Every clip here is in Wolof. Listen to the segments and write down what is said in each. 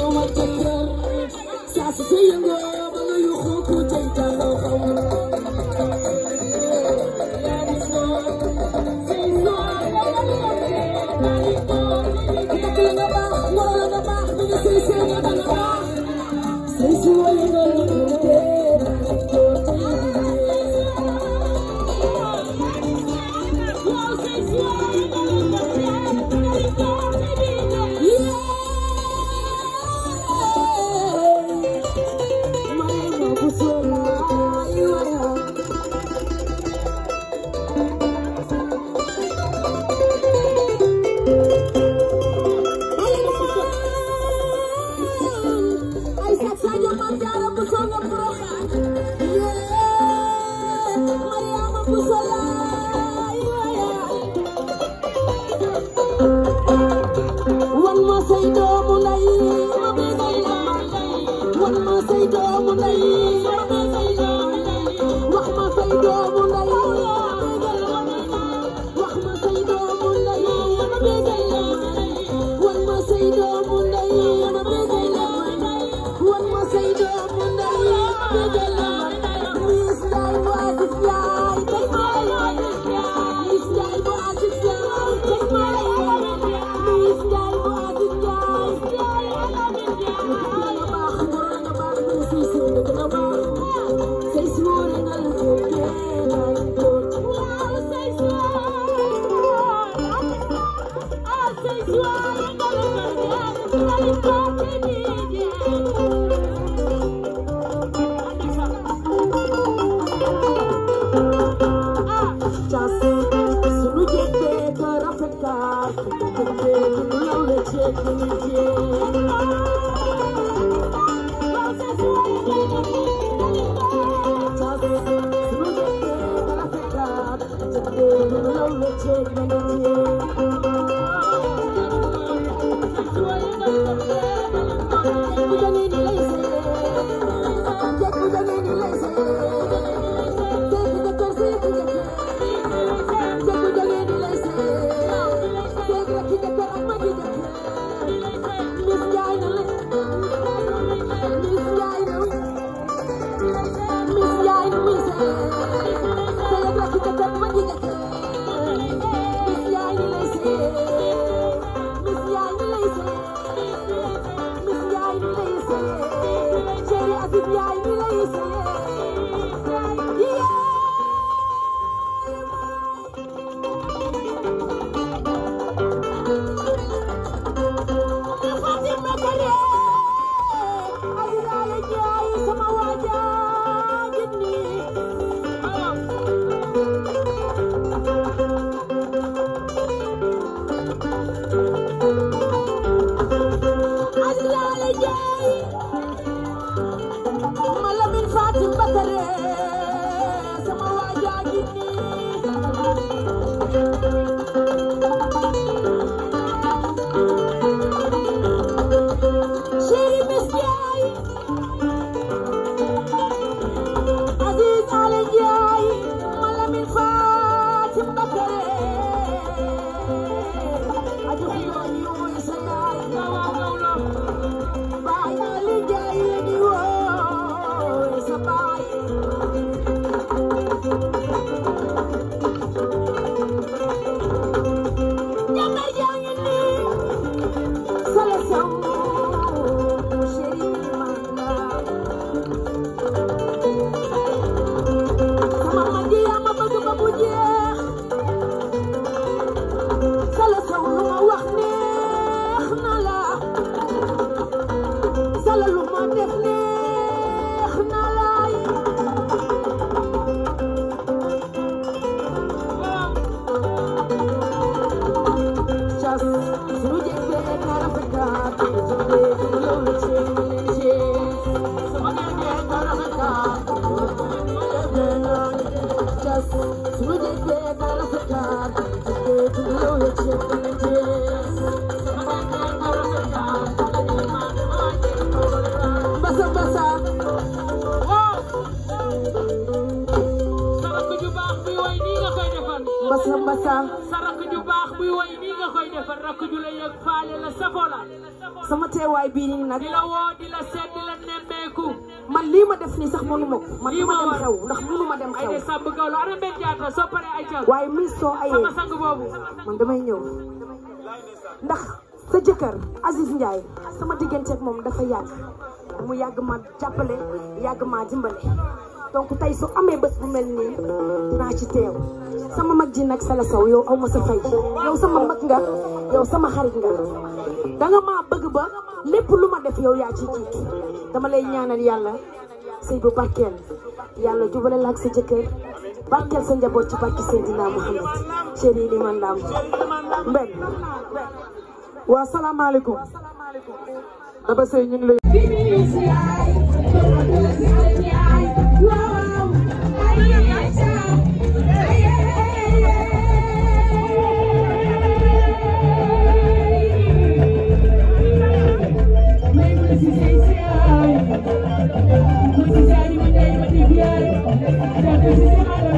loo ma tënkal saa su fi yëngoo ba nga yuxu man maa say doomu ndey Let's go, sama teewaay bii nii nag. di la woo di la seet di la nemmeeku. man lii ma def nii sax mënu ma ko. man li ma dem xew ndax mënu dem xew waaye Miss soo ayee man damay ñëw ndax sa jëkkër Aziz Ndiaye sama diggante ak moom dafa yàgg mu yàgg ma jàppale yàgg ma dimbale donc tey su amee bés bu mel nii dinaa ci teew sama mag ji nag sala saw yow aw ma sa fay yow sama mag nga yow sama xarit nga danga maa bëgg ba lépp lu ma def yow yaa ci jiitu dama lay ñaanal yàlla sëy bu barkeel yàlla jubale la ak sa jëkkër barkeel sa njaboot ci barki Seydina Muhammad chéri liman daam mbenn waa salaamaaleykum daba sey ñu ngi lay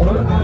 Voilà.